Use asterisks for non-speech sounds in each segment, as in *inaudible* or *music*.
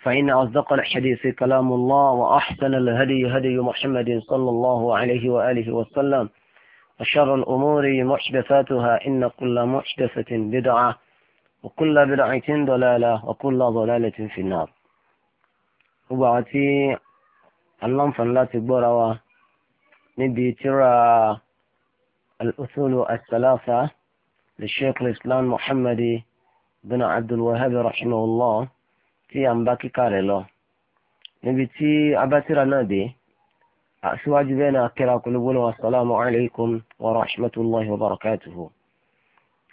فإن أصدق الحديث كلام الله وأحسن الهدي هدي محمد صلى الله عليه وآله وسلم وشر الأمور محدثاتها إن كل محدثة بدعة وكل بدعة ضلالة وكل ضلالة في النار وبعتي اللهم فلا بروا نبي ترى الأصول الثلاثة للشيخ الإسلام محمد بن عبد الوهاب رحمه الله tí a ń bá kíkà rẹ̀ lọ níbi tí abátírà náà dé síwájú bẹ́ẹ̀ náà kíra kulúgbóló wa sàlámù alaykum wa rahmatulahi wa barakatuhu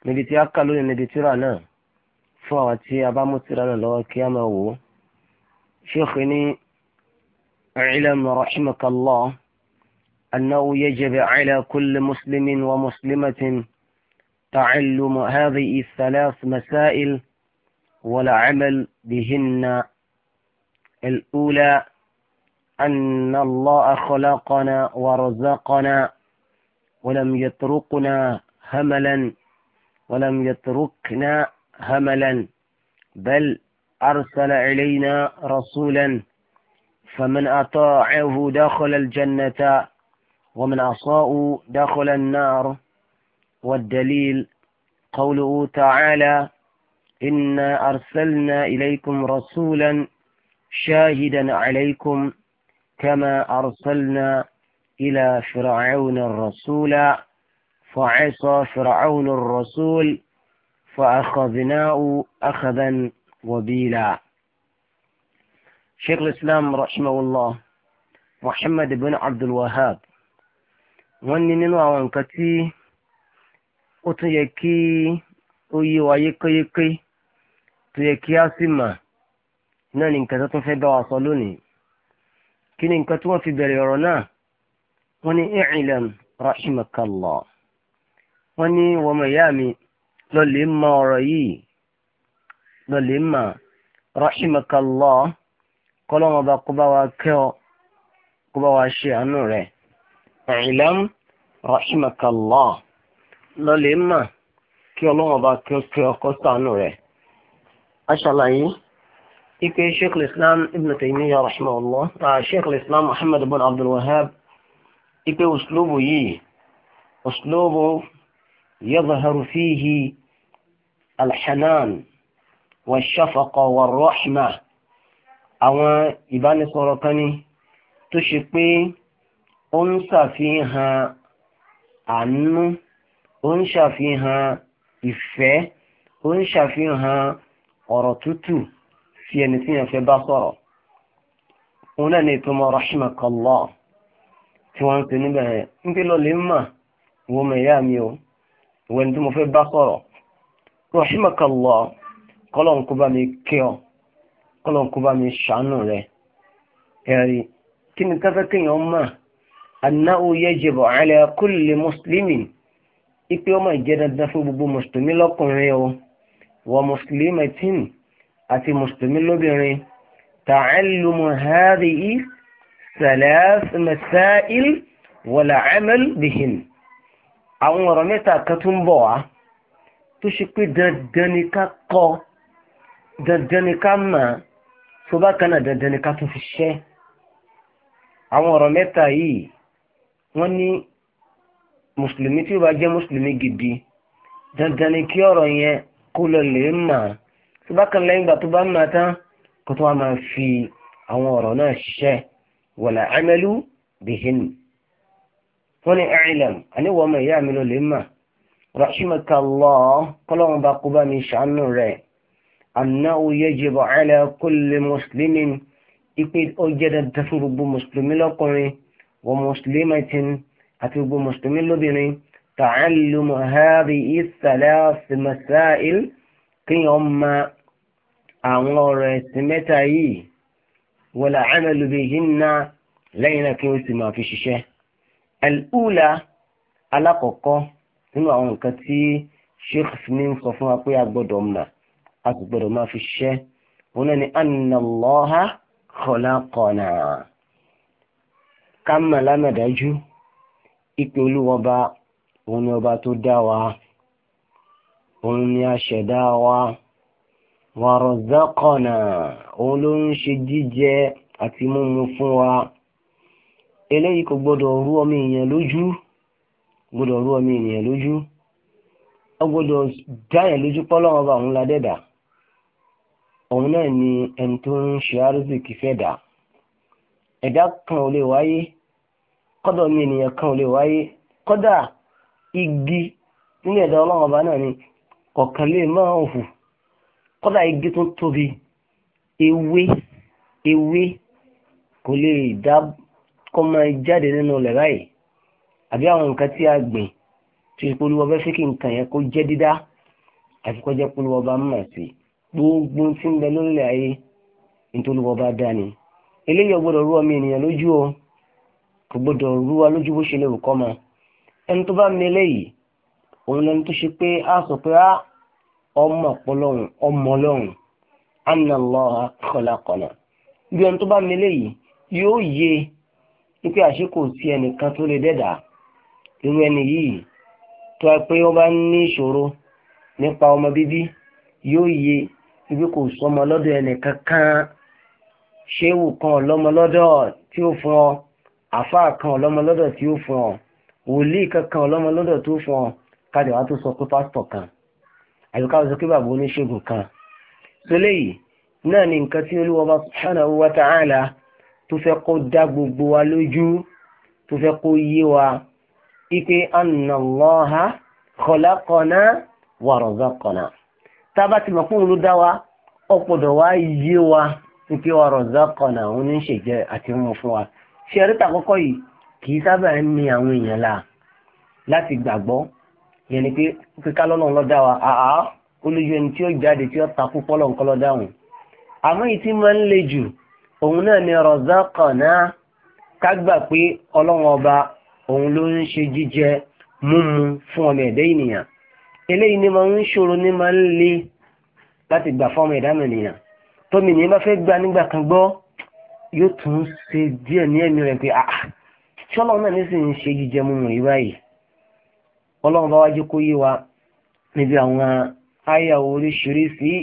níbi tí a kà lónìí níbi tíra náà fún àwọn tí a bá mú tíra náà lọ́wọ́ kí a máa wò ó ṣéèkì ní ilam rahimakallah annahu yajibu ala kulli muslimin wa muslimatin ta'allum hadhihi thalath ولا عمل بهن الأولى أن الله خلقنا ورزقنا ولم يتركنا هملا ولم يتركنا هملا بل أرسل إلينا رسولا فمن أطاعه دخل الجنة ومن عصاه دخل النار والدليل قوله تعالى إنا أرسلنا إليكم رسولا شاهدا عليكم كما أرسلنا إلى فرعون الرسول فعصى فرعون الرسول فأخذناه أخذا وبيلا شيخ الإسلام رحمه الله محمد بن عبد الوهاب wọ́n ننوى nínú àwọn nǹkan tí ó tún yẹ kí ó tó yẹ kí a sì mà náà ní nǹkan tó tún fẹ́ bá wa sọ lónìí kí ni nǹkan tí wọ́n fi bẹ̀rẹ̀ ọ̀rọ̀ náà wọ́n ní i'lam rahimakallah wọ́n ní wọ́n mọ̀ ìyá mi lọ́lẹ̀ mọ ọ̀rọ̀ yìí lọ́lẹ̀ mọ̀ rahimakallah kọ́lọ́mọ bá kó bá wa kẹ́ ọ kó bá wa ṣe àánú rẹ̀ i'lam rahimakallah lọ́lẹ̀ mọ̀ kí ọlọ́mọ bá kẹ́ ọ kọ́ sànú rẹ̀. أشعله إيك شيخ الإسلام ابن تيمية رحمه الله آه، شيخ الإسلام محمد بن عبد الوهاب إيك أسلوبه يي إيه؟ أسلوبه يظهر فيه الحنان والشفقة والرحمة أو إبان سرطاني تشقي أنسى فيها عنه أنشى فيها إفه أنشى فيها ọ̀rọ̀ tútù sí ẹni tí yẹn fẹ́ bá sọ̀rọ̀ òun náà ni ìtumọ̀ rahimakallah tí wọ́n ń pè níbẹ̀ yẹn ń pè lọ́lẹ̀ mà wọ́n mọ̀ ìyá mi o ìwọ ẹni tí mo fẹ́ bá sọ̀rọ̀ rahimakallah kọ́lọ́n kó bá mi kí ọ kọ́lọ́n kó bá mi ṣàánú rẹ ẹ̀rí kí ni káfẹ́ kéèyàn mà annahu yajibu ala kulli muslimin ipe ọmọ ìjẹ́ dandan fún gbogbo mùsùlùmí lọ́kùnrin o wa muslimatin àti mùsùlùmí lóbìnrin ta'allumu hadhihi thalath masail wal amal bihin àwọn ọ̀rọ̀ mẹ́ta kan tún bọ̀ wá tó ṣe pé dandan ni ká kọ́ dandan ni ká mà tó bá kan dandan ni ká tún fi ṣẹ́ àwọn ọ̀rọ̀ mẹ́ta yìí wọ́n ní mùsùlùmí tí ó bá jẹ́ mùsùlùmí gidi dandan ni kí ọ̀rọ̀ yẹn kó lọ lè mà á tó bá kan lẹ́yìn ìgbà tó bá mà á tán kó tó wá máa fi àwọn ọ̀rọ̀ náà ṣiṣẹ́ wọ̀là amẹ́lú bìhìn wọ́n ní ẹ̀ẹ́lẹ̀m àníwọ̀ ọmọ ìyá mi lọ lè mà rahimakallah kọ́lọ́run bá kó bá mi ṣàánú rẹ̀ annahu yajibu ala kulli muslimin ipe ó jẹ́ dandan fún gbogbo mùsùlùmí lọ́kùnrin wọ mùsùlùmí àti gbogbo mùsùlùmí lóbìnrin تعلم هذه الثلاث مسائل kí wọ́n mọ àwọn ọ̀rọ̀ ẹ̀sìn mẹ́ta yìí wala amalu bihinna lẹ́yìn náà kí wọ́n sì máa fi ṣiṣẹ́. al-ula alákọ̀ọ́kọ́ nínú àwọn nǹkan tí sheikh ní ń sọ fún wa pé a gbọ́dọ̀ mọ̀ a sì gbọ́dọ̀ máa fi ṣiṣẹ́ wọn náà ni anna Allaha khalaqana ká mọ̀ lámàdájú ìpè olúwọba òun ni ọba tó dá wa òun ni aṣẹ̀dá wa wàrọ̀zákọ̀nà òun ló ń ṣe jíjẹ àti mímu fún wa eléyìí kò gbọdọ̀ rú ọmọ èèyàn lójú gbọdọ̀ rú ọmọ ènìyàn lójú ó gbọdọ̀ dáyàn lójú pọ́lọ́wọ́ bá òun ládẹ́dà òun náà ni ẹni tó ń ṣe arúgbìkì fẹ́dà ẹ̀dá kan ò lè wáyé kọ́dọ̀ ọmọ ènìyàn kan ò lè wáyé kọ́dà igi nínú ẹ̀dá ọlọ́run ọba náà ni kọ̀ọ̀kan lè máa hù kọ́dà igi tó tóbi ewé ewé kò lè dá kọ́ máa jáde nínú rẹ̀ báyìí àbí àwọn nǹkan tí a gbìn tó ṣe polówó ọbẹ̀ fẹ́ kí nǹkan yẹn kó jẹ́ dídá àti kó jẹ́ polówó ọba mọ̀ sí gbogbo tí ń bẹ lórílẹ̀ ayé nítorí olówó ọba dá ni eléyìí ò gbọ́dọ̀ rú ọmọ ènìyàn lójú o kò gbọ́dọ̀ rú wa lójú bó ṣe lè rù kọ́ máa ẹni tó bá mele yìí òun lẹni tó ṣe pé a sọ pé a ọmọ ọpọlọrun ọmọ ọlọ́run anna Allaha khalaqana bí ẹni tó bá mele yìí yóò yé wípé àṣé kò sí ẹnìkan tó lè dẹ́dà irú ẹni yìí tó a pé ó bá ní ìṣòro nípa ọmọ bíbí yóò yé ibi kò sọmọ lọ́dọ̀ ẹnìkan kan ṣéwù kan ọlọ́mọ tí ó fún ọ àfáà kan ọlọ́mọ tí ó fún ọ wòlíì kankan ọlọ́mọ lọ́dọ̀ tó fún ọ kájọ wa tó sọ pé pásítọ̀ kan àbí ká sọ pé bàbá oníṣègùn kan tó léyìí náà ni nǹkan tí olúwa bá subhanahu wa ta'ala tó fẹ́ kó dá gbogbo wa lójú tó fẹ́ kó yé wa ipe annallaha khalaqana wa razaqana tá ti mọ̀ pé òun ló dá wa ọ̀pọ̀dọ̀ wa yé wa ní pé wa òun ní ṣèjẹ́ àti mú fún wa ṣe ẹ̀rí tàkọ́kọ́ yìí kì í sábà ń ní àwọn èèyàn la láti gbàgbọ́ yẹn ni pé kíkà lọ́nà lọ́dá wa àá olójú ẹni tí ó jáde tí ó takú pọ́lọ̀ nǹkan lọ́dá wọn. àmọ́ èyí tí máa ń le jù òun náà ni rọ̀zákọ̀nà ká gbà pé ọlọ́run ọba òun ló ń ṣe jíjẹ múmu fún ọmọ ẹ̀dá ènìyàn eléyìí ni máa ń ṣòro ní máa ń le láti gbà fún ọmọ ẹ̀dá ènìyàn tómi ènìyàn bá fẹ́ gbà nígbà kan gbọ́ yóò tún ṣe díẹ̀ ní ẹ̀mí rẹ̀ pé tí ọlọ́run náà nísìn ń ṣe jíjẹ mímu rí báyìí ọlọ́run bá wá jẹ́ kó yé wa níbi àwọn àyà oríṣiríṣi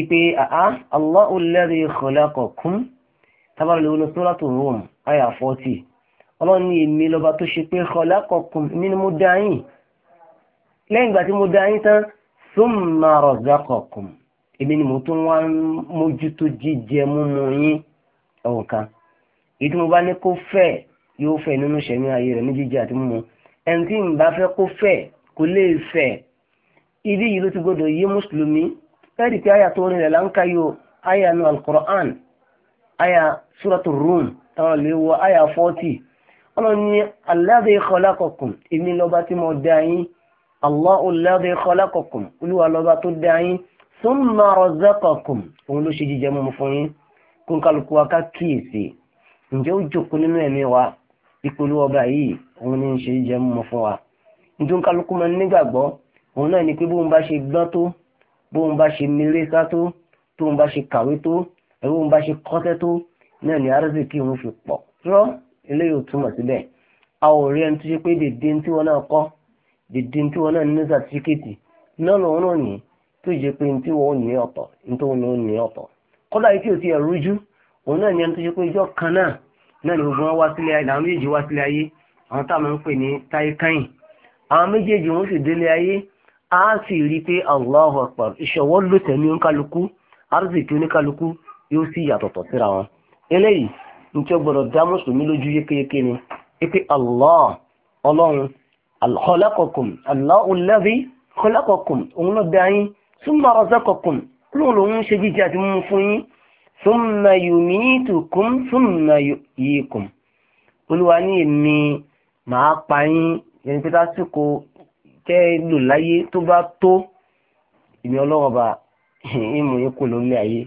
ipe àá Allahu alladhi khalaqakum tábàlì olú suratu Rum àyà fọ́tì ọlọ́run ní èmi lọ́ba tó ṣe pé khalaqakum èmi ni mo dá yín lẹ́yìn ìgbà tí mo dá yín tán thumma razaqakum èmi ni mo tún wá mójútó jíjẹ mímu yín ọ̀kan èyí mo bá ní kó fẹ́ẹ̀ yóò fẹ́ nínú ìṣẹ̀mí ayé rẹ̀ ní jíjẹ àti mímu ẹni tí ń bá fẹ́ kó fẹ́ kó lè fẹ́ ibi yìí ló ti gbọdọ̀ yé mùsùlùmí fẹ́ẹ̀rì pé àyà tó rìnrìn láǹkà yóò àyà nu alukur'an àyà suratu rum táwọn lè wọ àyà fọ́tì ọlọ́run ní alladhi khalaqakum èmi lọ́ba tí mo dá yín Allahu alladhi khalaqakum olúwa lọ́ba tó dá yín thumma razaqakum òun ló ṣe jíjẹ mọ́ fún yín kó kálukú wa ká kíyèsí ǹjẹ́ ó jòkó nínú ẹ̀mí wa ìpolówó ọba yìí òun ní í ṣe jẹ́ mọ́ fún wa nítorí kálukú máa ń òun náà ni pé bóun bá ṣe gbọ́n tó bóun bá ṣe miléka tó tóun bá ṣe kàwé tó ẹ̀rọ òun bá ṣe kọ́tẹ́ tó náà ni arzikí òun fi pọ̀ rọ́ eléyìí ò túmọ̀ síbẹ̀ a ò rí ẹni tó ṣe pé dèdè tí wọn náà kọ́ dèdè tí wọn náà ní sàtífíkètì náà lòun náà ní tó jẹ pé tí wọn ò ní ọ̀tọ̀ nítorí wọn ò ní ọ̀tọ̀ kọ́dà yìí tí ò ti ẹ̀rújú òun náà ní ẹni tó ṣe pé ìjọ kan náà náà ni gbogbo wọn wá sílé ayé làwọn méjèèjì wá sílé ayé àwọn táwọn ń pè ní taikain àwọn méjèèjì wọn sì délé ayé a sì rí i pé Allahu Akbar ìṣọwọ́ ló tẹ̀mí oníkálukú arzikí oníkálukú yóò sì yàtọ̀tọ̀ síra wọn eléyìí ní tí ó gbọdọ̀ dá mùsùlùmí lójú yékéyéké ni pé Allah ọlọ́run khalaqakum Allahu alladhi khalaqakum òun ló dá yín summa razaqakum lóun lòun ń ṣe jíjẹ àti mímu fún yín summa yumitukum summa yuhyikum olúwa ní èmi màá pa yín yẹn pé tásìkò tẹ́ lò láyé tó bá tó èmi ọlọ́wọ́n bá *laughs* ìmọ̀ yín kò lórí ayé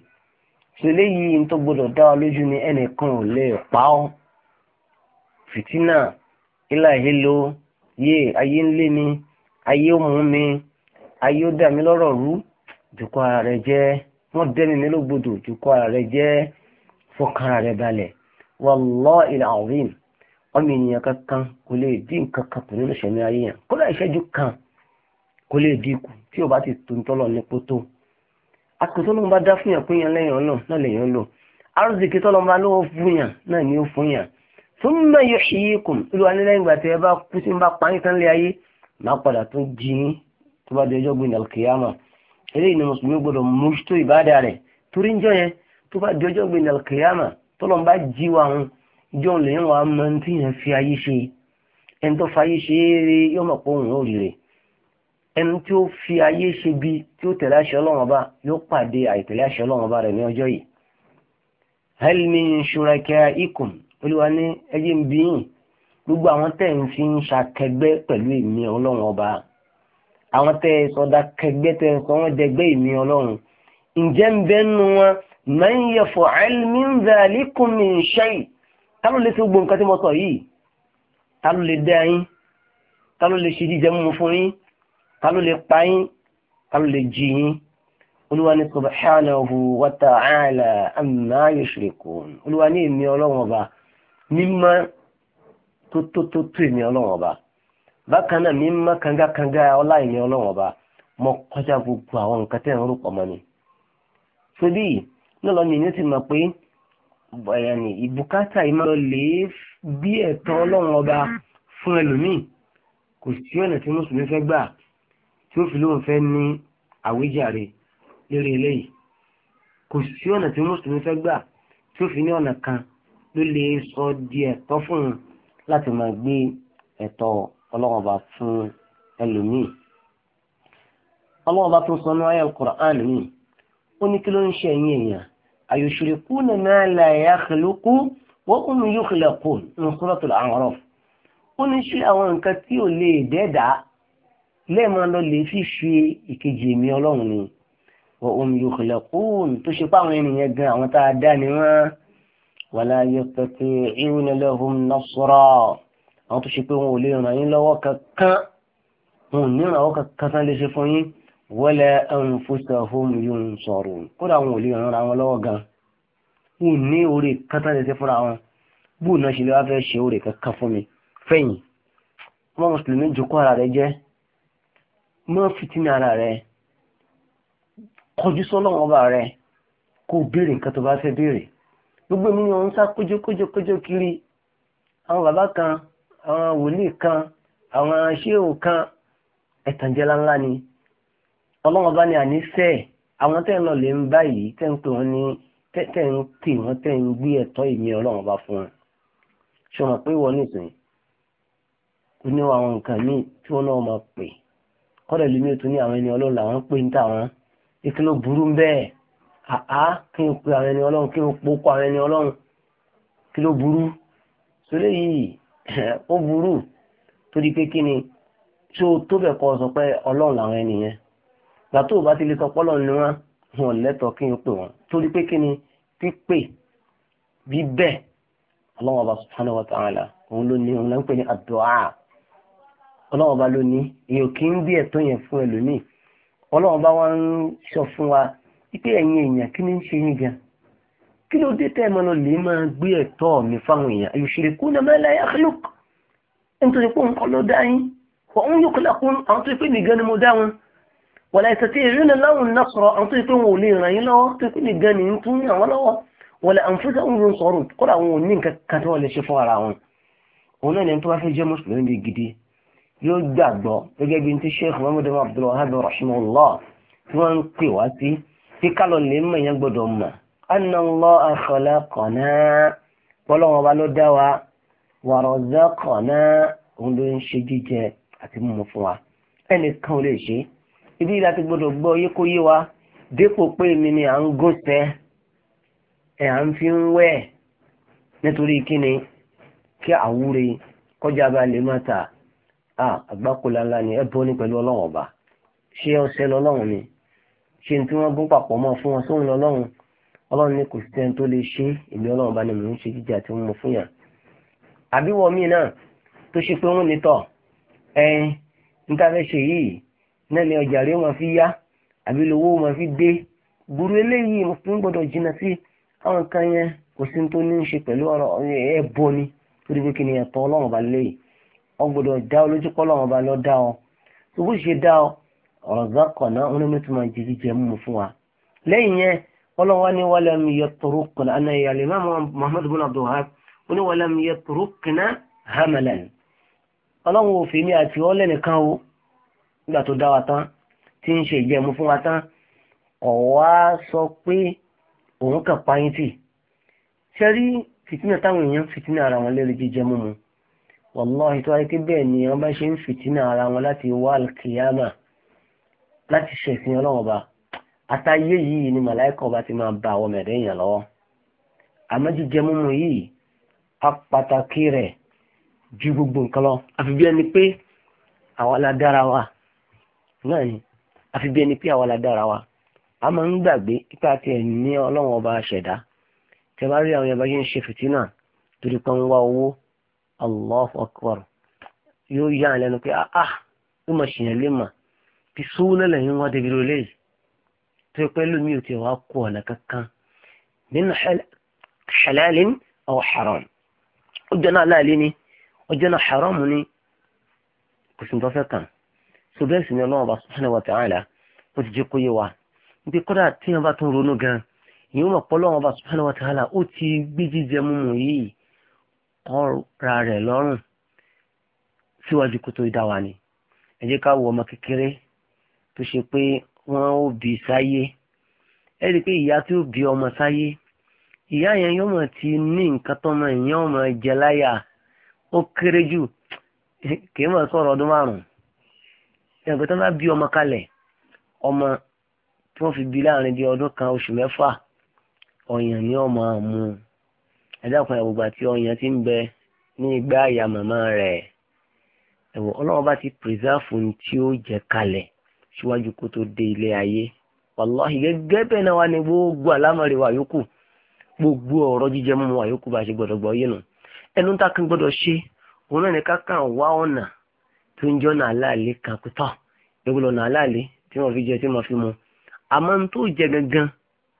ṣe léyìí tó gbọdọ̀ dá wa lójú ni ẹnìkan ò lè pa ọ́ fìtínà ilà ìhélo yé ayé ń lé mi ayé ó mú mi ayé ó dà mí lọ́rọ̀ rú dùkọ́ ara rẹ jẹ́ wọ́n dẹ́ni ní lógbòdò ju kọ́ ara rẹ jẹ́ fọkànra rẹ balẹ̀ wallahi alazim ọmọ ènìyàn kankan kò lè dín nǹkan kan kù nínú ìṣẹ̀mí ayé yẹn kódà ìṣẹ́jú kan kò lè dín kù tí o bá ti tó ntọ́lọ̀ ní kótó àkótó ló ń bá dá fún yàn pé yàn lẹ́yìn ọlọ́ náà lèyàn lò arúgbìkì tọ́lọ́ ń bá lówó fún yàn náà ni ó fún yàn thumma yuhyikum ìlú anílẹ́yìn ìgbà ẹ bá kú sí ń bá pa yín tán lé ayé má padà tó jí yín tó bá di ọjọ́ gbìn al eléyìí ni mùsùlùmí gbọdọ̀ mójútó ìbáda rẹ̀ torí ń jọ yẹn tó bá di ọjọ́ gbẹ̀dẹ̀ kìyàmà tọ́lọ̀ ń bá jí wa ń jọ lèyìn wa máa ń tìyàn fi ayé ṣe ẹni tó fa ayé ṣe é rí yóò mọ̀ pé òun ò rí rẹ̀ ẹni tí ó fi ayé ṣe bí tí ó tẹ̀lé aṣọ ọlọ́run ọba yóò pàdé àìtẹ̀lé aṣọ ọlọ́run ọba rẹ̀ ní ọjọ́ yìí. hal min shurakaikum olúwa ní ẹjẹ́ ń bí yìn gbogbo àwọn tẹ̀ ń fi ń ṣakẹgbẹ́ pẹ̀lú èmi ọlọ́run ọba àwọn tẹ́ ẹ sọdá kẹgbẹ́ tẹ́ ẹ sọ wọ́n dẹgbẹ́ ìmí ọlọ́run ǹjẹ́ ń bẹ́ nu wọn man yaf'al min dhalikum min shay ta ló lè ṣe gbogbo nǹkan tí mo sọ yìí ta ló lè dá yín ta ló lè ṣe jíjẹ mímu fún yín ta lè pa yín ta lè jí yín olúwa ní subhanahu wa ta'ala amma yushrikun ìmí ọlọ́run ọba mímọ́ tó tó tó tó ìmí ọlọ́run ọba bákan náà mi má kanga kanga ọlá ìní ọlọ́run ọba mo kọjá gbogbo àwọn nǹkan tẹ̀ ń rò mọ́ ni. sobi náà lọ́ni ní ti mọ̀ pé bọ̀yàní ìbùkátà yìí máa lè bí ẹ̀tọ́ ọlọ́run ọba fún ẹlòmíì kò sí ọ̀nà tí mùsùlùmí fẹ́ gbà tí ó fi lóun fẹ́ ní àwíjàre lórí eléyìí kò sí ọ̀nà tí mùsùlùmí fẹ́ gbà tí ó fi ní ọ̀nà kan ló lè sọ di ẹ̀tọ́ fún un láti máa gbé ẹ̀tọ́ ọlọ́run ọba fún ẹlòmíì ọlọ́run ọba tó sọnù ayé alukur'an mi ó ní kí ló ń ṣe ẹ̀yìn èèyàn ayushrikuna ma la yakhluqu wa hum yukhlaqun ní Suratul A'raf ó ní ṣe àwọn nǹkan tí ò lè dẹ́dàá lẹ́ẹ̀mọ́ lọ lè fi ṣe ìkejì èmi ọlọ́run ni wa hum yukhlaqun tó ṣe páwọn ènìyàn gan àwọn tá a dá ni wọ́n wala yastati'una lahum nasra àwọn tó ṣe pé wọn ò lè ràn yín lọ́wọ́ kankan wọn ò ní ràn wọ́n kankan tán lè ṣe fún yín wala anfusahum yunsarun kódà wọn ò lè ràn wọn lọ́wọ́ gan wọn ò ní orí kankan lè ṣe fúnra wọn bóun náà ṣe lè wá fẹ́ ṣe orí kankan fún mi fẹ́yìn ọmọ mùsùlùmí jòkó ara rẹ jẹ́ mọ́ fìtínà ara rẹ kọjú sọ́lọ́wọ́n ọba rẹ kó béèrè nǹkan tó bá fẹ́ béèrè gbogbo mi ni wọ́n ń sá kójókójókójó kiri àwọn bàbá kan àwọn wòlíì kan àwọn ṣéwù kan ẹ̀tànjẹ́ ńláńlá ni ọlọ́wọ́n bá ní àníṣe àwọn tẹ́ ń lọ lè ń báyìí tẹ́ ń pè wọ́n ní tẹ́ ń pè wọ́n tẹ́ ń gbé ẹ̀tọ́ ìmí ọlọ́wọ́n bá fún wọn ṣé wọn pé wọ́n nìsín ó ní àwọn nǹkan míì tí wọ́n náà máa pè kọ́dọ̀ lómi ètò ní àwọn ẹni ọlọ́run làwọn pè ń tàwọn ike ló burú bẹ́ẹ̀ àá kí n pe àwọn ẹni ọlọ́run kí n pokọ àwọn ẹni ọlọ́run kí ló burú sólè yìí *clears throat* ó burú torí pé kí ni tí o tó bẹ̀ sọ pé ọlọ́run làwọn gbà tó o bá ti lè sọ pọ́lọ́ ni wọ́n wọn lẹ́tọ̀ọ́ kí n pè wọ́n torí pé kí ni pípè bíbẹ̀ ọlọ́run ọba subhanahu wa ta'ala òun ló ní òun là ń pè ní àdúà ọlọ́run ọba ló ní èèyàn kì í bí ẹ̀tọ́ yẹn fún ẹlòmíì ọlọ́run ọba wa ń sọ wa ẹ̀yin èèyàn ni ń kí ló dé tẹ́ ẹ máa lọ lè máa gbé ẹ̀tọ́ mi fáwọn èèyàn àyùṣèkú náà máa láyà kílùk nítorí pé nǹkan ló dá yín òun yóò kílà kún àwọn tó pé nìgan ni mo dá wọn wàlá ìtẹ̀tẹ̀ ìrìn náà láwọn náà sọ̀rọ̀ àwọn tó pé wọn ò lè ràn yín lọ́wọ́ tó pé nìgan ni ń tún yàn lọ́wọ́ wàlá àǹfóṣà òun ló ń sọ̀rọ̀ kódà wọn ò ní nǹkan kan tí wọ́n lè ṣe fún ara wọn òun náà ni tó bá fẹ́ jẹ́ mùsùlùmí gidi yóò anna Allaha khalaqana bọ́lọ́wọ́n bá ló dá wa wa razaqana òun ló ń ṣe jíjẹ àti mímu fún wa ẹnìkan ò lè ṣe ibi láti gbọdọ̀ gbọ́ yé kó yé wa dípò pé èmi ni à ń gòsẹ́ ẹ̀ à ń fi ń wẹ̀ nítorí kíni kí àwúre kọjá bá lè má ta àgbákòlá ńlá ni ẹ bọ́ ní pẹ̀lú ọlọ́wọ́n ọba ṣé ọṣẹ lọ́lọ́run ni ṣé ní tí wọ́n gún papọ̀ mọ́ fún wọn sóhun lọ́lọ́run ọlọ́run ní kò sí ẹni tó lè ṣe èmi ọlọ́run bá ní mò ń ṣe jíjà tí wọ́n mú fún yàn àbí wọ́n míì náà tó ṣe pé wọ́n ní tọ̀ ẹ̀ẹ́n fẹ́ ṣe yìí náà ni ọjà rẹ̀ wọ́n fi yá àbí lówó wọ́n fi dé gburu eléyìí mo fún gbọ́dọ̀ jìnnà sí àwọn yẹn kò sí tó ní ṣe pẹ̀lú ọ̀rọ̀ ni pé kí ni ẹ̀tọ́ ọlọ́run bá lè dá ọ lójú ọ tó bó ṣe dá ọ ọ̀rọ̀ náà ọlọ́wọ́ ni walam yatrukna ana ìyàlẹ̀ náà muhammadu bin abdulhaq ó ní walam yatrukna hamalan ọlọ́wọ́ òfin mi àti ọlẹ́ nìkan o nígbà tó dá wa tán tí ń ṣe ìjẹ̀mú fún wa tán kọ̀ wá sọ pé òun kàn payín tì ṣe rí fìtínà táwọn èèyàn fìtínà ara wọn lérí jíjẹ múmu wàláhì tó wáyé pé bẹ́ẹ̀ ni wọ́n bá ṣe ń fìtínà ara wọn láti wá alkiyama láti ṣẹ̀sìn ọlọ́wọ́ bá àtàyé yìí ni màláìkà ọba ti máa ba àwọn mẹ̀rẹ̀ èèyàn lọ́wọ́ àmọ́ jíjẹ múmu yìí á pàtàkì rẹ̀ ju gbogbo nǹkan lọ àfi bí ẹni pé àwa la dára wa náà ni àfi bí ẹni pé àwa la dára wa a máa ń gbàgbé ipa ti ẹ̀ ní ọlọ́run ọba ṣẹ̀dá tẹ bá rí àwọn yẹn bá yẹn ń ṣe fìtínà torí pé ń wá owó Allahu akbar yóò yá àlẹ́nu pé ah, ah ó mà ṣìyàn lé mà bí sówó lẹ́lẹ̀ yín wá débi lóléyìí tó yẹ pé lómi ò tiẹ̀ wá kú ọ̀nà kankan nínú halalin aw haram ó jẹ́ náà láàlẹ́ ni ó jẹ́ náà haram ni kò sì ń tọ́fẹ́ kàn so bẹ́ẹ̀ sì ni ọlọ́run ọba subhanahu wa ta'ala ó ti jẹ́ kó yé wa níbi kódà tí wọn bá tún ronú gan ìyẹn wọn pọ̀ lọ́wọ́ ọba subhanahu wa ta'ala ó ti gbé jíjẹ múmu yìí ọ̀ra rẹ̀ lọ́rùn síwájú kó tó dá wa ni ẹ jẹ́ ká wo ọmọ kékeré tó ṣe pé wọn ó bí sáyé ẹ rí i pé ìyá tí ó bí ọmọ sáyé ìyá yẹn yóò mọ̀ ti ní nǹkan tọ́mọ ìyẹn ọmọ jẹ láyà ó kéré jù kì í mọ̀ sọ̀rọ̀ ọdún márùn-ún ẹgbẹ́ tó bá bí ọmọ kalẹ̀ ọmọ tí wọ́n fi bí láàrin bíi ọdún kan oṣù mẹ́fà ọyàn ni ọmọ mu ẹ̀dàkùn ẹ̀wògbà tí ọyàn ti ń bẹ ní igbá àyà màmá rẹ̀ ẹ̀wọ̀ ọlọ́wọ́ bá ti pèsè àfún tí ó jẹ kalẹ̀ síwájú kó tó dé ilé ayé wàláhì gẹ́gẹ́ bẹ́ẹ̀ náà wà ní gbogbo àlámọ̀rẹ́ wa yòókù gbogbo ọ̀rọ̀ jíjẹ mọ́ wa yòókù bá ṣe gbọ́dọ̀ gbọ́ yé nu ẹnu tá a kan gbọ́dọ̀ ṣe òun náà ní kákan wá ọ̀nà tó ń jọ́nà aláàlẹ́ kan pẹ́tọ́ ìwúlò ọ̀nà aláàlẹ́ tí wọ́n fi jẹ tí wọ́n fi mu àmọ́ tó jẹ gangan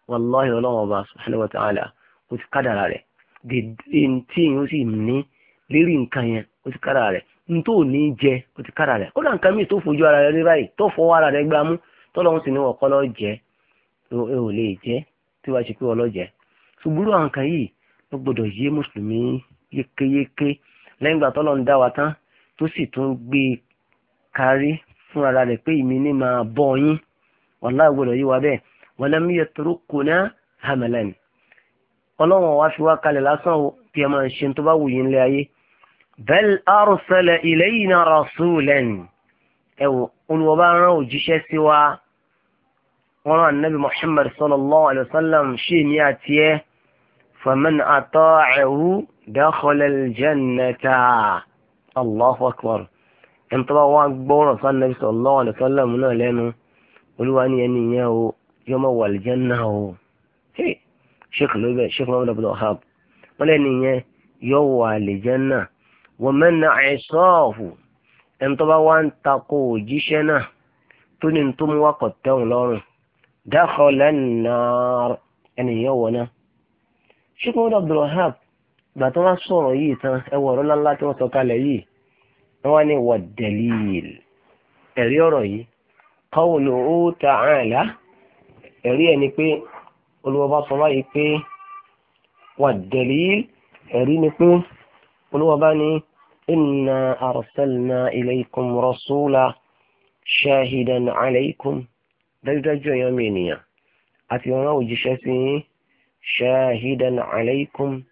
wàláhì ọlọ́run ọba subhanahu wa ta'ala ó ti kádàrà rẹ̀ dèdè tí èèyàn sì ní lérí nǹkan yẹn ó ti kádàrà rẹ̀ ntó ní jẹ o ti kára rẹ̀ kódà nǹkan míì tó fojú ara rẹ̀ rí báyìí tó fọwọ́ ara rẹ̀ gbámú tọ́lọ́hún sì ní ọ̀kọ́ lọ jẹ ẹ ò lè jẹ tí wàá ṣe pé ọlọ́jẹ ṣùgbúrú àwọn kan yìí ló gbọdọ̀ yé mùsùlùmí yékéyéké lẹ́yìn ìgbà tọ́lọ́hún dá wa tán tó sì tún gbé e kárí fún ara rẹ̀ pé ìmí ní máa bọ́ yín wàlá gbọdọ̀ yí wa bẹ́ẹ̀ wọn lẹ́mú yẹ turukuna hamalan ọlọ́wọ́n wá fi wá kalẹ̀ lásán o kí ẹ máa ṣe tó bá wù yín lé ayé bẹ́ẹ̀ arúsẹ̀lẹ̀ ilé yìí náà rasulan ẹ̀wọ̀ olùwọ́bá rán òjíṣẹ́ sí wa wọ́n rán anabi muhammad sallallahu alayhi wa sallam ṣì ní àti ẹ́ faman ata'ahu dakhala al-jannata allahu akbar ẹni tó bá wá gbọ́rọ̀ sí anabi sallallahu alayhi wa sallam náà lẹ́nu olúwa ni ẹni yẹn o yóò máa wà aljanna o sheikh lóbẹ̀ sheikh muhammad abdul wahab wọ́n lẹ́ni yẹn yóò wà aljanna wọ́n àìsọ́ọ̀hù ẹni tó bá wá ń takò òjíṣẹ́ náà tó ní tó mú wákọ̀ tẹ́hùn lọ́rùn dakhala an-nar ẹnìyàn wọ̀ náà. ṣùgbọ́n wọ́n dàbí rahab gbà tó wọ́n sọ̀rọ̀ yìí tán ẹwọ̀ ọ̀rọ̀ ńláńlá tí wọ́n sọ kalẹ̀ yìí wọ́n ní wà dalil ẹ̀rí ọ̀rọ̀ yìí qawluhu ta'ala ẹ̀rí ẹni pé olùwọ́ bá sọ báyìí pé wà dalil ẹ̀rí ni pé. قل وبني إنا أرسلنا إليكم رسولا شاهدا عليكم دجاج يمينيا أتيونا وجشاسي شاهدا عليكم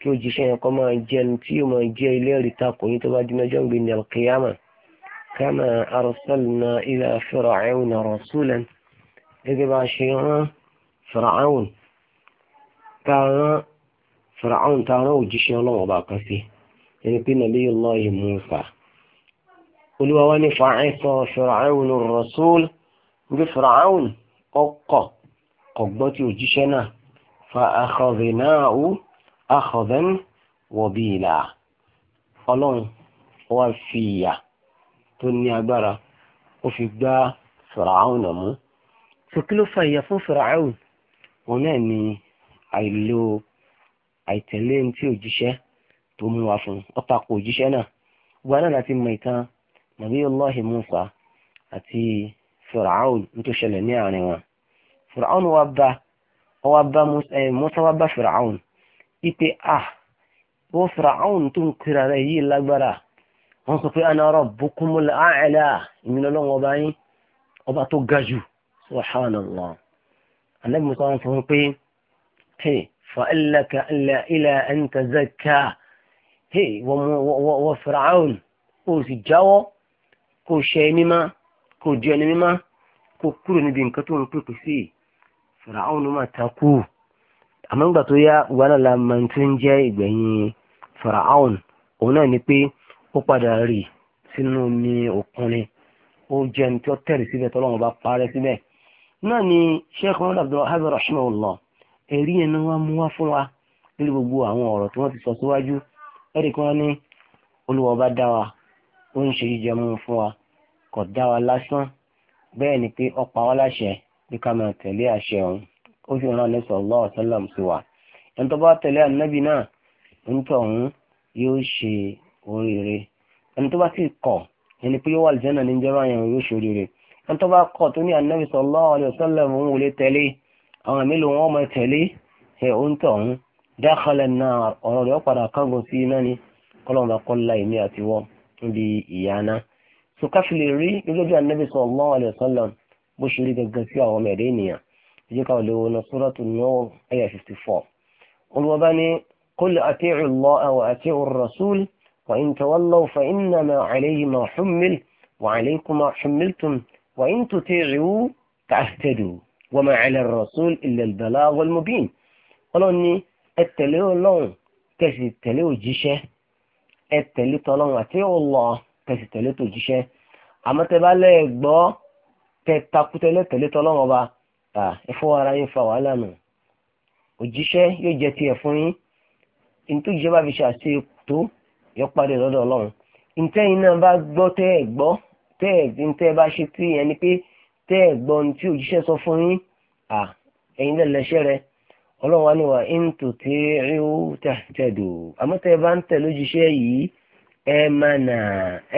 كي وجشاني قوما جنتي وما جاي لي لتاقو يتبع جنجان بني القيامة كما أرسلنا إلى فرعون رسولا إذا باشيونا فرعون تانا فرعون تانا وجشاني الله وباقسيه ẹni pé nabiyullahi Musa olúwa wa ní fàáìsọ Fir'aun ar-rasul níbi Fir'aun ọkọ̀ kọ̀gbọ́ tí òjíṣẹ́ náà fa akhadhnaahu akhdan wabila ọlọ́run wá fi ìyà tó ní agbára ó fi gbá Fir'aun náà mú sókè ló fa ìyà fún Fir'aun wọn náà ní àìlò àìtẹ̀lé ní tí òjíṣẹ́ tó mú wa fún ọ̀tà kò jíṣẹ́ náà gbogbo náà láti mọ ìtàn Nabiyullahi Musa àti Fir'aun tó ṣẹlẹ̀ ní àárín wọn Fir'aun wa bá wa bá eh, Musa wa bá Fir'aun ipe a wọ́n Fir'aun tó ń kira rẹ̀ yìí lágbára wọ́n sọ pé ana rabbukumul a'la ìmìnlọ́wọ́ ọba yín ọba tó ga jù subhanallah anabi Musa wọn sọ pé hey fa ilaka illa ila an hey wọ firaun kò sì jáwọ́ kò ṣe ẹni mímá kò di ẹni mímá kò kúrò níbi nǹkan tó ń pèpè sí firaun máa ta kú àmọ́ nígbà tó yá wàhálà la máa ń tún jẹ́ ìgbẹ̀yìn firaun òun náà ni pé ó padà rì sínú omi òkun ó jẹ́ ní tí ó tẹ̀rì síbẹ̀ tọ́lọ́wọ́n bá parẹ́ síbẹ̀ náà ni sheikh muhammed abdulrahman rahimahullah ẹ̀rí ẹni wa mú wá fún wa nílùú gbogbo àwọn ọ̀rọ̀ tí wọ́n ti sọ síwájú. So ẹ̀rí kan ní olúwa ọba dá wa ó ń ṣe jíjẹ mú fún wa kò dá wa lásán bẹ́ẹ̀ ni pé ó pa wá láṣẹ bí ká máa tẹ̀lé àṣẹ òun ó fi ràn ní sallallahu alaihi wasallam sí wa ẹni tó bá tẹ̀lé ànábì náà ń tọ̀ ọ̀hún yóò ṣe oríire ẹni tó bá sì kọ̀ ẹni pé yóò wà lìjẹ́ náà ní jẹ́ báyẹn yóò ṣe oríire ẹni tó bá kọ̀ tó ní ànábì sallallahu alaihi wasallam òun tẹ̀lé àwọn mélòó wọn máa tẹ̀lé ẹ̀ ó ń tọ̀ ọ̀hún dakhala an-nar ọ̀rọ̀ rẹ̀ ó padà kángun sí iná ni kọ́lọ́mọba kọ́lá èmi àti wọ́n níbi ìyáná. so káfílẹ̀ rí gẹ́gẹ́ bí anabi sallallahu alayhi wa sallam bó ṣe rí gẹ́gẹ́ sí àwọn ọmọ ẹ̀dẹ́ ènìyàn ẹ̀jẹ̀ ká lè wo suratu an-nur ayah fifty four. olùwọ́bá ni qul ati'u allaha wa ati'u ar-rasul wa in tawallaw fa innama alayhi ma hummil wa alaykum ma hummiltum wa in tuti'u tahtadu ẹ tẹ̀lé ọlọ́run kẹsì tẹ̀lé òjíṣẹ́ ẹ tọlọ́run àti Allah kẹsì tẹ̀lé tòjíṣẹ́ àmọ́ tẹ bá lẹ́ gbọ́ tẹ takútẹ́lẹ́ tẹ̀lé tọlọ́run ọba ẹ fọ́ ara yín fa wàhálà nù òjíṣẹ́ yóò jẹ tiẹ̀ fún yín ìtòjíṣẹ́ bá fi ṣe àṣe tó yọ parí lọ́dọ̀ ọlọ́run ntẹ́yìn náà bá gbọ́ tẹ́ gbọ́ tẹ́ ẹ̀ ntẹ́ bá ṣe tí ọlọ́run wa ni wà ń tò tí ó tẹ̀dù àmọ́ tẹ́ ẹ bá ń tẹ̀ lójúṣẹ́ yìí ẹ máa nà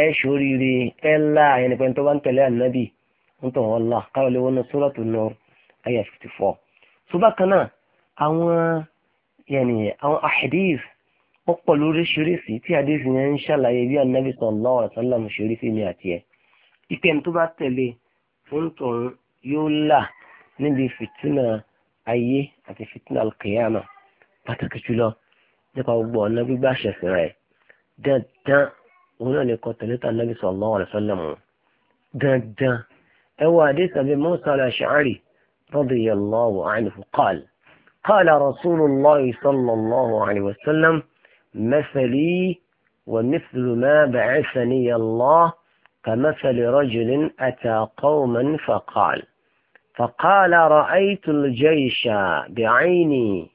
ẹ ṣoríire ẹ la àyẹn nípa ẹni tó bá ń tẹ̀lé ànábì ń tọ̀ wọ́n la káwọn lè wọnú sóràtù Nur àyà fifty four. tó bá kan náà àwọn yẹn àwọn ahadith wọ́n pọ̀ lóríṣiríṣi tí hadith yẹn ń ṣàlàyé bí ànábì sallallahu alaihi wasallam ṣeré sí àti ẹ̀ ìpẹ́ni bá tẹ̀lé fún tòun yóò là níbi fìtínà ayé àti fitina alkiyama pàtàkì jùlọ nípa gbogbo ọ̀nà gbígbà ṣẹ̀sìn rẹ̀ dandan òun náà ni kò tẹ̀lé tà nàbì sallallahu alaihi wasallam dandan ẹ wọ àdé sàbí Musa al-Ash'ari radiyallahu anhu qala qala rasulullah sallallahu alaihi wasallam mathali wa mithlu ma ba'athani Allah kamathali rajulin ata فقال رأيت الجيش بعيني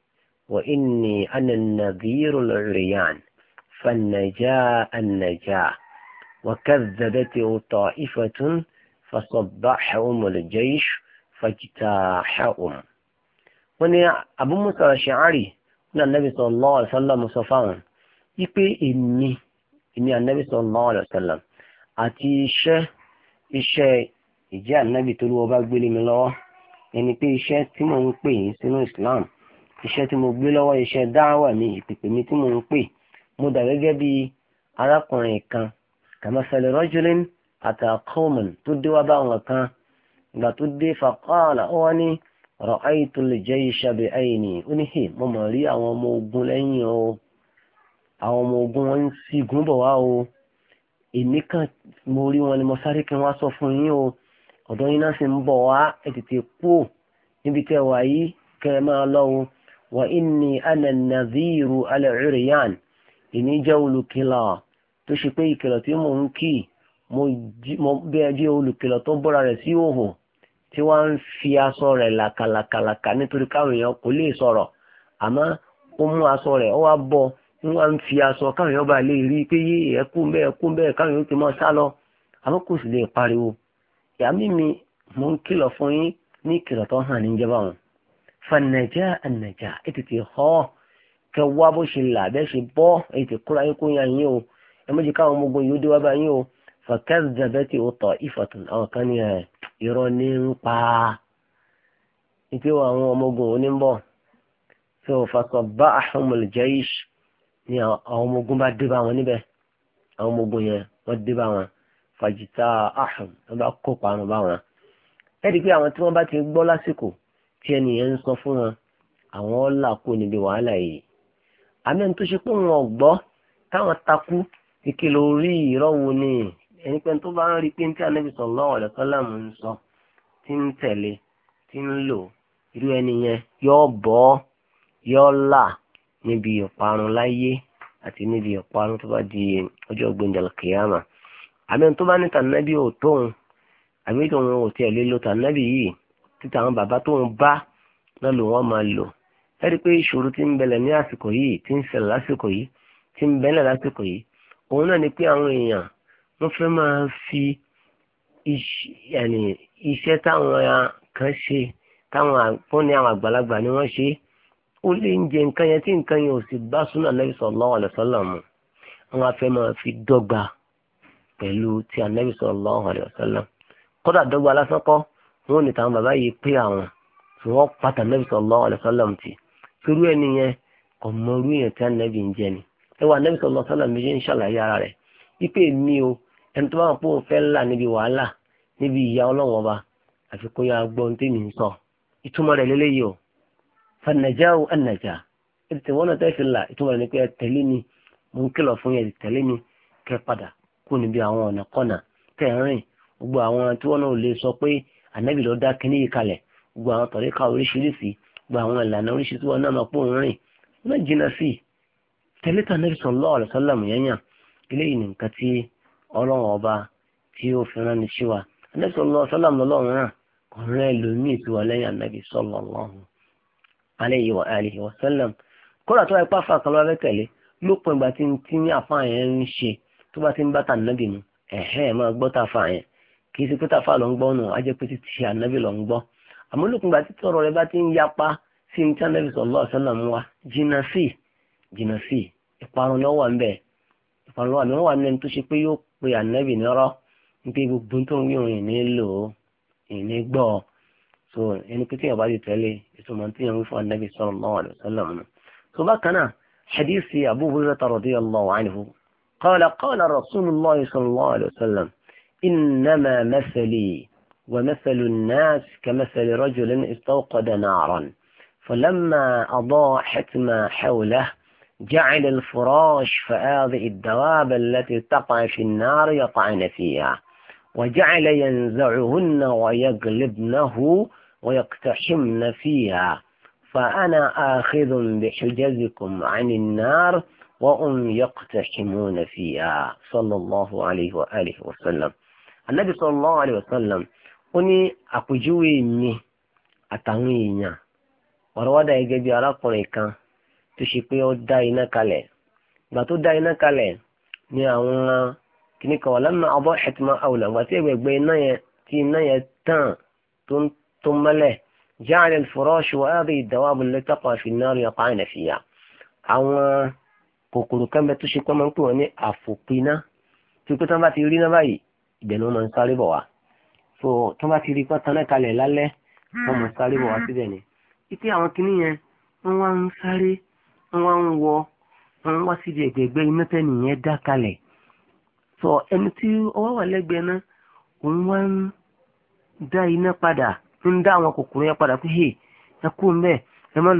وإني أنا النذير العريان فالنجاة النجاة وكذبته طائفة فصبحهم الجيش فاجتاحهم وني أبو موسى الشعري ní anabi sallallahu alaihi wasallam sọ fáwọn wípé èmi èmi anabi sallallahu alaihi wasallam àti iṣẹ́ iṣẹ́ ìjẹ́ ànábì tó lówó bá gbélé mi lọ́wọ́ ẹni pé iṣẹ́ tí mò ń pè yín sínú Islam iṣẹ́ tí mo gbé lọ́wọ́ iṣẹ́ dáwà mi ìpèpè mi tí mò ń pè mo dà gẹ́gẹ́ bí arákùnrin kan kàmáfẹ́lẹ́ rọ́júlín àtàkùnmùn tó dé wá báwọn kan ìgbà tó dé fàkọ́ọ̀là ó wọ́n ní ọ̀rọ̀ ayé tó lè jẹ́ iṣẹ́ bẹ ayé ni ó ní hè mo mọ̀ rí àwọn ọmọ ogun lẹ́yìn o àwọn ọmọ ogun wọn ń sí bọ̀ wá o èmi kan mo rí wọn ni mo sáré kí wọ́n sọ fún yín o ọ̀dọ́ yín náà sì ń bọ̀ wá ẹ tètè kú níbi tẹ́ wà yìí kẹ́ ẹ máa lọ́wọ́ wà inni ana nàzírù alẹ́ ìrìyàn ìní jẹ́ olùkìlọ̀ tó ṣe pé ìkìlọ̀ tí mò ń kì mo bẹ́ẹ̀ jẹ́ olùkìlọ̀ tó bọ́ra rẹ̀ sí òhò tí wọ́n ń fi aṣọ rẹ̀ làkàlàkàlàkà nítorí káwọn èèyàn kò lè sọ̀rọ̀ àmọ́ ó mú aṣọ rẹ̀ ó wá bọ́ wọ́n ń fi aṣọ káwọn èèyàn bá lè rí i pé yé ẹ̀kú bẹ́ẹ̀ ẹ̀kú bẹ́ẹ̀ káwọn èèyàn ti máa sá lọ àmọ́ kò sì lè pariwo yàmi mi mo ń kìlọ̀ fún yín ní kìlọ̀ tó hàn ní jẹba wọn fanajà ànàjà ètùtù họ kẹ wá bó ṣe là bẹ́ẹ̀ ṣe bọ́ ètò kúra yín kó yan yín o ẹ méjì káwọn ọmọ ogun yìí ó dé wá yín o fàkẹ́sìdàbẹ́tì ó tọ̀ ìfọ̀tún àwọn kan ní ẹ̀ irọ́ ní ń pa ìpé àwọn ọmọ ogun òní ń bọ̀ tí ó fasọ̀ bá ahumul jaysh ni àwọn ọmọ ogun bá dé bá wọn níbẹ̀ àwọn ọmọ ogun yẹn wọ́n dé bá wọn fàjìtà ahùn wọn bá kó parun bá wọn. ẹ rí i pé àwọn tí wọ́n bá ti gbọ́ lásìkò tí ẹnìyẹn ń sọ fún wọn àwọn ọ̀là kú níbi wàhálà yìí. àmì ẹni tó ṣe pé wọn ò gbọ́ táwọn takú kìkì lórí ìrọ́wò ni ẹni pé tó bá ń rí i pé tí anábì sallallahu alaihi wasallam ń sọ tí ń tẹ̀lé tí ń lò irú ẹni yẹn bọ́ yóò là níbi ìparun láyé àti níbi ìparun tó bá di ọjọ́ gbẹ̀ndàlkìyàmà àmì tó bá ní tànàbí ò tóun àbí tóun ò tiẹ̀ lè lo tànàbí yìí títà àwọn bàbá tóun bá náà ló wọ́n máa lò ẹ rí i pé ìṣòro ti ń bẹ̀lẹ̀ ní àsìkò yìí ti ń ṣẹlẹ̀ lásìkò yìí ti ń bẹ̀lẹ̀ lásìkò yìí òun náà ni pé àwọn èèyàn wọ́n fẹ́ máa fi iṣẹ́ táwọn kan ṣe táwọn wọ́n àwọn àgbàlagbà ni wọ́n ṣe ó lè ń jẹ nǹkan yẹn tí nǹkan yẹn ò sì bá súnà Nabi sallallahu alaihi wasallam àwọn afẹ́ máa fi dọ́gba pẹ̀lú ti anabi sallallahu alaihi wasallam kódà dọ́gba lásán kọ́ wọn ní tàwọn bàbá yìí pé àwọn tí wọ́n pàtà anabi sallallahu alaihi wasallam ti torí ẹni yẹn kò mọ orí yẹn tí anabi ń jẹ ni ẹ wà anabi sallallahu alaihi wasallam méjì ń ṣàlàyé ara rẹ̀ ipe mi o ẹni tó bá wọn pé òun fẹ́ là níbi wàhálà níbi ìyá ọlọ́wọ́n ọba àfi kó yára gbọ́ ohun tèmi ń sọ ìtumọ̀ rẹ̀ lélẹ́yìí o fanajà o kú níbi àwọn ọ̀nà kọ̀nà tẹ̀ ń rìn gbogbo àwọn tí wọ́n náà lè sọ pé ànábì ló dá kínní yìí kalẹ̀ gbogbo àwọn tọ̀ríkà oríṣiríṣi gbogbo àwọn ìlànà oríṣiríṣi wọn náà máa pò ń rìn wọ́n jìnnà sí i tẹ̀lé tàn nábì sallallahu alaihi wasallam yẹnyàn eléyìí ni nǹkan tí ọlọ́run ọba tí ó fi rán ni sí wa ànábì sallallahu alaihi wasallam lọ́lọ́run náà kò rán ànábì sallallahu alaihi wasallam kódà tó wáyé pàfà kan lọ́wọ́ tẹ̀lé lópin ìgbà tí ń tó bá ti ń bá tànàbì mu ẹ̀hẹ́ ẹ̀ máa gbọ́ tàfà yẹn kì í ṣe pé tàfà ló ń gbọ́ nù ajẹ́ pé títí ànábì ló ń gbọ́ àmọ́ lókùngbà tí tọ̀rọ̀ rẹ bá ti ń yapa sí ní tànàbì sallallahu alaihi wasallam wa jìnnà sí jìnnà sí ìparun ni wọ́n wà ń bẹ̀ ìparun wà ní wọ́n wà ní ẹni tó ṣe pé yóò pe ànábì nírọ́ nípa gbogbo tó ń wíwọ̀n ìní lò ó ìní gbọ́ ọ so ẹni pé tíyàn bá ti tẹ́lẹ̀ ìtumọ̀ tíyàn wí fún ànábì sallallahu alaihi wasallam nù so bákan náà hadisi Abu Hurairah radiyallahu anhu قال قال رسول الله صلى الله عليه وسلم إنما مثلي ومثل الناس كمثل رجل استوقد نارا فلما أضاحت ما حوله جعل الفراش فآذي الدواب التي تقع في النار يطعن فيها وجعل ينزعهن ويقلبنه ويقتحمن فيها فأنا آخذ بحجزكم عن النار وهم يقتحمون فيها صلى الله عليه وآله وسلم النبي صلى الله عليه وسلم oni àpèjúwe mi àtàwọn èèyàn ọ̀rọ̀ wá dà gẹ́gẹ́ bí arákùnrin kan tó ṣe pé ó dá iná kalẹ̀ ìgbà tó dá iná ni àwọn kìnnì kan wà lẹ́nu ọbọ̀ ẹ̀tìmọ́ àwòlà ìgbà tí ẹgbẹ̀gbẹ́ iná yẹn tí iná yẹn tàn tó ń tó mọ́lẹ̀ jáàlẹ̀ fọ́rọ́ṣù wà á rí ìdáwọ́ abúlé tọ́pọ̀ àfin náà rí ọkọ̀ àyìnà àwọn kòkòrò kan bẹ tó ṣe pé máa ń pè wọ́n ní àfòpiná tó pé tí bá ti rí náà báyìí ibẹ̀ ni máa ń sáré bọ̀ wá so tí wọ́n bá ti rí pé tán náà kalẹ̀ lálẹ́ wọ́n máa ń sáré bọ̀ wá síbẹ̀ ni. ipe àwọn kinní yẹn wọ́n wá ń sáré wọ́n wá ń wọ wọ́n wá síbi ẹ̀gbẹ̀gbẹ́ iná tẹ́nì yẹn dá kalẹ̀ so ẹni tí ọwọ́ wà lẹ́gbẹ̀ẹ́ náà òun wá ń dá iná padà ń dá àwọn kòkòrò yẹn padà pé ẹ kú ń bẹ́ẹ̀ ẹ má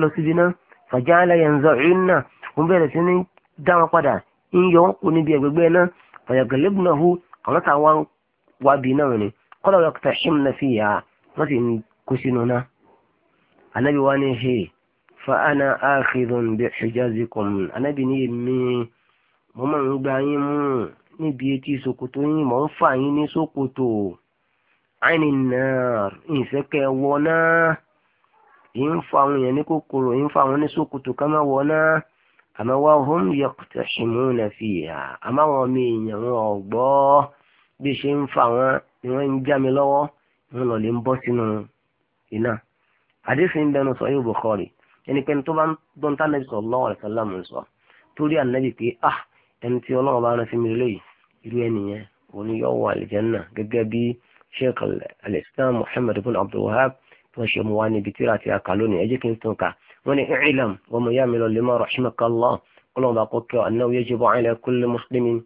bẹ̀rẹ̀ sí ní dá wọn padà ń yọ wọn kú níbi ẹgbẹgbẹ náà ọ̀yàgẹ̀lẹ́bù náà hù àwọn táwọn wá bí náà ni kọ́lá ọ̀yà kọta ṣìm náà fi yà wọ́n sì ń kó sínú náà. anabi wa ni he fa ana akhidun bi hijazikum anabi ni èmi mo máa ń gba yín mú níbi etí sokoto yín mo ń fà yín ní sokoto àìní náà ìfẹ́kẹ̀ wọ náà ìń fa àwọn èèyàn ní kòkòrò ìń fa àwọn ní sokoto ká má wọ náà àmọ́ wá hum yaqtashimuna fiha àmọ́ àwọn ọmọ èèyàn wọn ọ̀gbọ́ bí ṣe ń fa wọn ni wọ́n ń já mi lọ́wọ́ wọn lọ lè ń bọ́ sínú iná àdéhùn ìbẹnu sọ yóò Bukhari ẹni pé tó bá ń dọ́n tá nàbì sallallahu alaihi wasallam sọ torí ànábì pé ah ẹni tí ọlọ́run bá rán sí mi lélẹ́yìí irú ẹnìyẹn òun ni yóò àlìjẹ́nà gẹ́gẹ́ bí sheikh al-islam muhammad ibn abdul wahab ṣe mu wá níbi tíra tí a kà lónìí ẹ kí n tún kà wọ́n ní i'lam ọmọ ìyá mi lọ lè máa rahimaka Allah ọlọ́run bá kọ́kẹ́ annahu yajibu ala kulli muslimin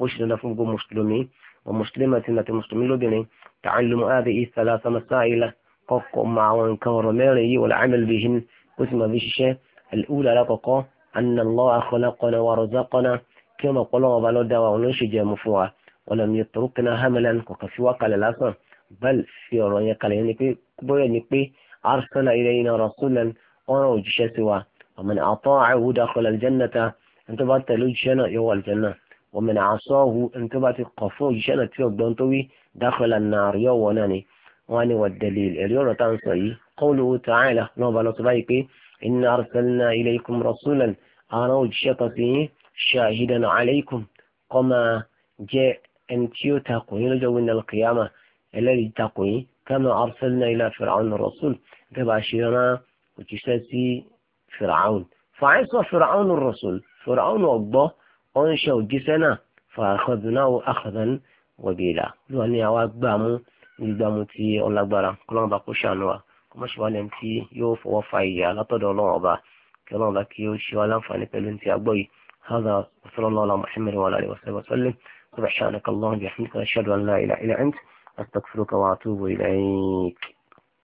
ó ṣe dandan fún gbogbo mùsùlùmí wa muslimatin àti mùsùlùmí lóbìnrin ta'allumu hadhihi thalatha masaila kọ́kọ́ ma àwọn nǹkan ọ̀rọ̀ mẹ́rin yìí wal amal bihin ó sì máa fi ṣiṣẹ́ al-ula alákọ̀ọ́kọ́ anna Allah khalaqana wa razaqana kí ọmọ ọ̀pọ̀lọ́wọ́ bá lọ́dá wa òun ló ṣe jẹ̀mú fún wa walam yatrukna hamalan kọ̀ọ̀kan fi wá kalẹ̀ lásán bal fi ọ̀rọ̀ yẹn kalẹ̀ yẹn ni pé bóyá ni pé arsala ilayna rasulan wọ́n rán òjíṣẹ́ sí wa àmọ́ ní àtọ́ àìwú dakhala al-jannata ẹni tó bá tẹ̀lé òjíṣẹ́ náà yóò wọ al-janna wa man asahu ẹni tó bá ti kọ̀ fún òjíṣẹ́ náà tí ọgbọ́n tó wí dakhala an-nar yóò wọ náà ni wọ́n á ní wà dalil ẹ̀rí ọ̀rọ̀ tá à ń sọ yìí qawluhu ta'ala náà bá lọ sọ báyìí pé inna arsalna ilaykum rasulan àwọn òjíṣẹ́ kan sí yín shahidan alaykum kọ́ máa jẹ́ ẹni tí ó takò yín lọ́jọ́ wíńdà al-qiyamah ẹlẹ́rìí takò yín kama arsalna ila fir'auna rasul gẹ́gẹ́ bá ṣe rán òjíṣẹ́ sí fìràún fàáìsọ fìràún rọ̀sùn fìràún ọ̀gbọ́ ó ń ṣe òjíṣẹ́ náà fàákọ̀dúnà àkàdán wọ̀bìlà lọ́wọ́ ni àwa gbà mú gbígbà mú ti ọlágbára kọ́lọ́mọba kó ṣàánú wa kọ́mọ́ṣọ́wá lẹ́nu tí yóò fọwọ́ fa ìyá látọ̀dọ̀ ọlọ́wọ́ ọba kí ó ṣe wá láǹfààní pẹ̀lú ti agbọ́ yìí هذا وصلى الله على وسلم سبحانك اللهم وبحمدك اشهد ان لا اله الا انت استغفرك واتوب اليك